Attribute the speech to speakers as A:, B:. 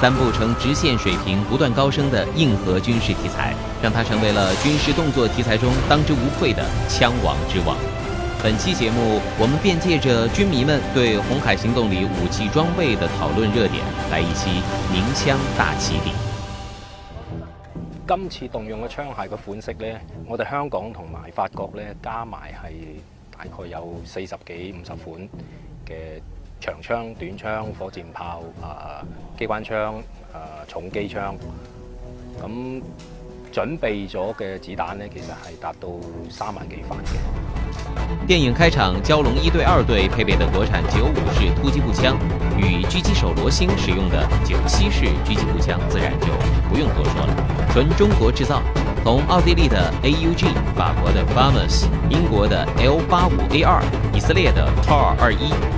A: 三部呈直線水平不斷高升的硬核軍事題材，讓它成為了軍事動作題材中當之無愧的槍王之王。本期節目，我們便借着軍迷們對《紅海行動》裏武器裝備的討論熱點，來一期名槍大起底。今次動用嘅槍械嘅款式呢，我哋香港同埋法國呢，加埋係大概有四十幾五十款嘅。長槍、短槍、火箭炮、啊、呃、機關槍、啊、呃、重機槍，咁準備咗嘅子彈其實係達到三萬幾發嘅。電影開場，蛟龍一隊二隊配備的國產九五式突擊步槍，與狙擊手羅星使用的九七式狙擊步槍，自然就不用多說了。純中國製造，同奧地利的 AUG、法國的 FAMAS、英國的 L 八五 A 二、以色列的 TAR 二一。21，